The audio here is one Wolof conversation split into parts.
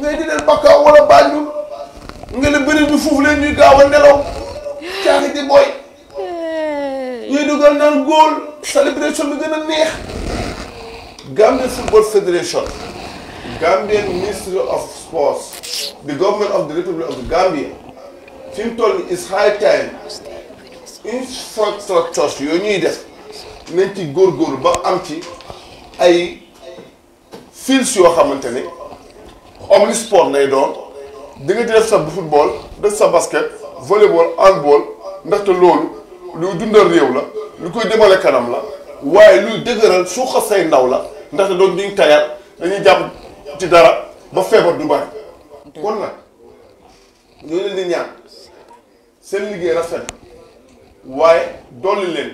ngay di leen bakkaaw wala bànjul nga ne bëri bi fuuf leen ñuy gaaw a nelaw caaxi di booy ñuy dugal naan gën a neex Gambia Football Federation Gambian Ministry of Sports the government of the Republic of the Gambia fi mu toll is high time infrastructures yooyu ñuy def nañ ci góorgóorlu ba am ci ay fields yoo xamante ne omni sport lay doon di nga ci def sa football def sa basket volleyball handball ndaxte loolu luy dundal réew la lu koy demale kanam la waaye luy dëgëral suuxa say ndaw la ndaxte doon duñ tayal dañuy jàpp ci dara ba feebar du bari kon nag ñoo leen di ñaan seen liggéey rafet waaye dolli leen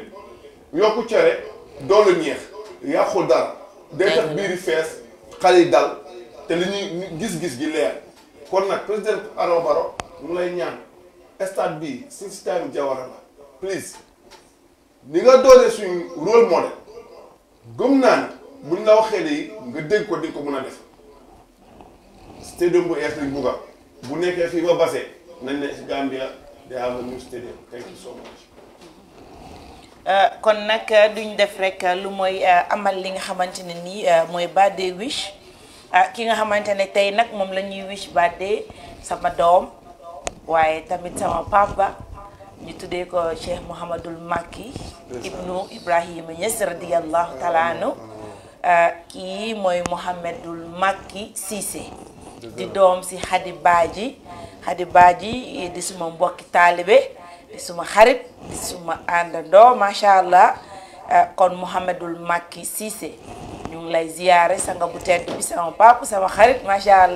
yokku cere dolli ñeex yàqu dara day tax biiri fees xale dal te li ñuy gis-gis gi leer kon nag président Adama Barrow mu lay ñaan stade bi si système Jawara la please ni nga doole suñu rôle modèle gëm naa ne buñ la waxee léegi nga dégg ko di ko mën a def stadium bu Airtel Bouga bu nekkee fii ba Basse nañ ne Gambia they have a new stadium thank you so much. Euh, kon nag duñ def rek lu mooy euh, amal li nga xamante ne nii euh, mooy Birthday Wish. ah ki nga xamante ne tey nag moom lañuy ñuy wish sama doom waaye tamit sama papa ñu tuddee ko Cheikh Mouhamadul Makki ibnu Ibrahima Niass radiyallahu taala anhu ah, kii mooy Mouhamadul Makki Cissé di doom si Xadi Baaji Xadi Baaji di suma mbokki taalibe di suma xarit suma àndandoo macha allah ah, kon Mouhamadul Makki Cissé lay ziyaare sanga bu tedd bi sama pap sama xarit macha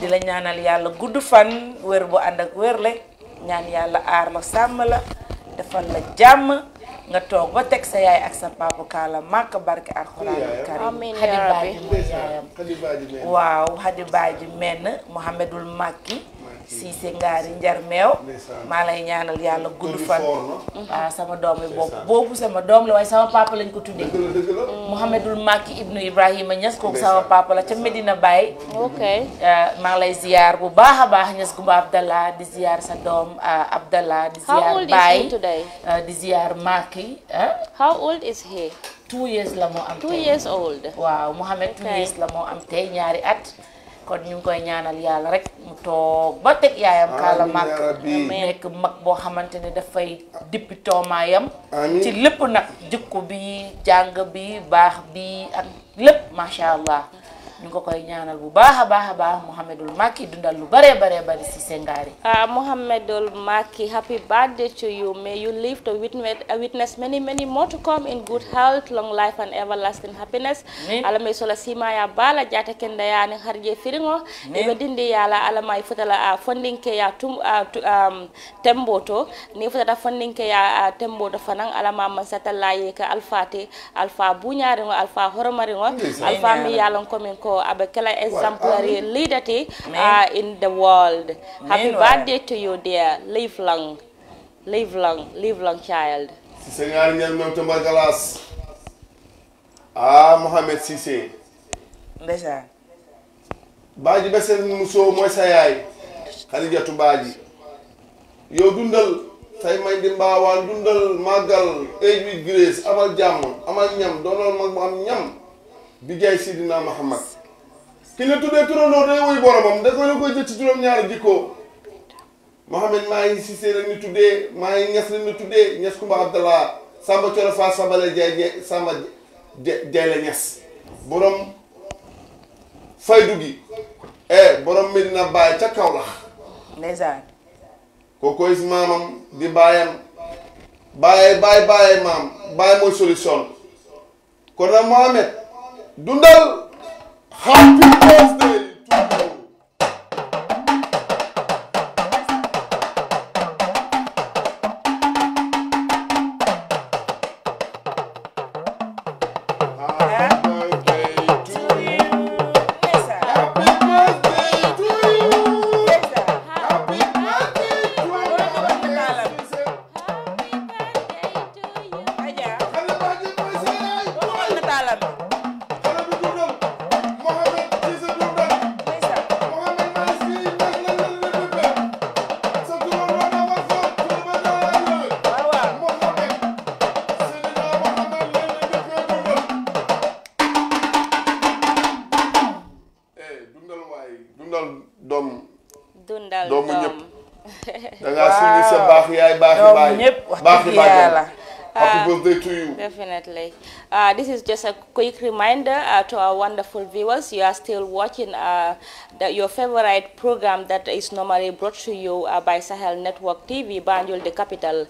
di la ñaanal yàlla gudd fan wér gu ànd ak wér le ñaan yàlla aar la sàmm la defal la jàmm nga toog ba teg sa yaay ak sa papa kaala màkk barke alxuraan karim xadi baaji waaw menn Mouhamadul Makki siise ngaari njar meew maa lay ñaanal yàlla gudd fan waaw ah, sama doomi bopp boobu sama doom la waaye sama papa lañ ko tuddee mm. Mouhamadul Makki ibnu Ibrahima Niass kooku sama papa la ca Medina Baye ok ah, maa lay ziar bu baax a baax ñas Gumba Abdallah di ziar sa doom ah, Abdallah di ziar Baye di ziar Makki how old two years la moo am two two years la moo am tey ñaari at kon ñu ngi koy ñaanal yàlla rek mu toog ba teg yaayam kaala mag nekk mag boo xamante ni dafay dippi toomaayam ci lépp nag jikko bi jàng bi baax bi ak lépp macha allah ñu koy ñaanal bu baax a baax a baax Mouhamadul Macky dundal lu bare bare bari si Senghari. ah Mouhamadul Macky happy birthday to you may you live to witness uh, witness many many more to come in good health long life and everlasting happiness. alamay sola sima ya bala jata kenda ya ni harje firingo. ni be dindi yala alamay futala uh, fondinke ya tum uh, um, temboto ni futata fondinke ya temboto fanan alama mansata laye ka alfate alfa buñaringo alfa horomaringo alfa mi yalon komin for Abekela exemplary well, um, uh, in the world. Happy birthday to you, dear. Live long, live long, live long, child. Sisé ñaari ñam ñom to magalas. Ah Mohamed Sisé. Ndesa. Baaji besel muso moy sa yaay. Khadijatu Baaji. Yow dundal tey may di mbaawaan dundal màggal age grace amal jàmm amal ñam doonal mag mu am ñam bi jaay Sidina Muhammad ki la tuddee turandoo day woy boromam da koy la koy jël ci juróom-ñaari jikko Mohamed maa ngi Cissé la ñu tuddee maa ngi Niass la ñu tuddee Niass Kumba Abdallah Samba Thioro Fall Samba la Jaay Jaay borom faydu gi eh borom Medina Baye ca Kaolack. ndeysaan. kookoy maamam di baayam baaye baay baaye maam baay mooy solution kon nag Mohamed dundal. Happy birthday! dundal doom doomu ñëpp. da ngaa suñu sa baax yaay baaxi baay. doomu ñëpp wax dëgg Happy uh, birthday to you. Definitely. Uh, this is just a quick reminder uh, to our wonderful viewers. You are still watching the, your favorite program that is normally brought to you by Sahel Network TV, Banjul the Capital.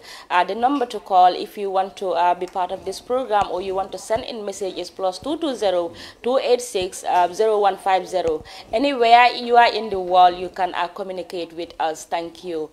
the number to call if you want to be part of this program or you want to send in messages plus 220 286 0150. Anywhere you are in the world, you can communicate with us. Thank you.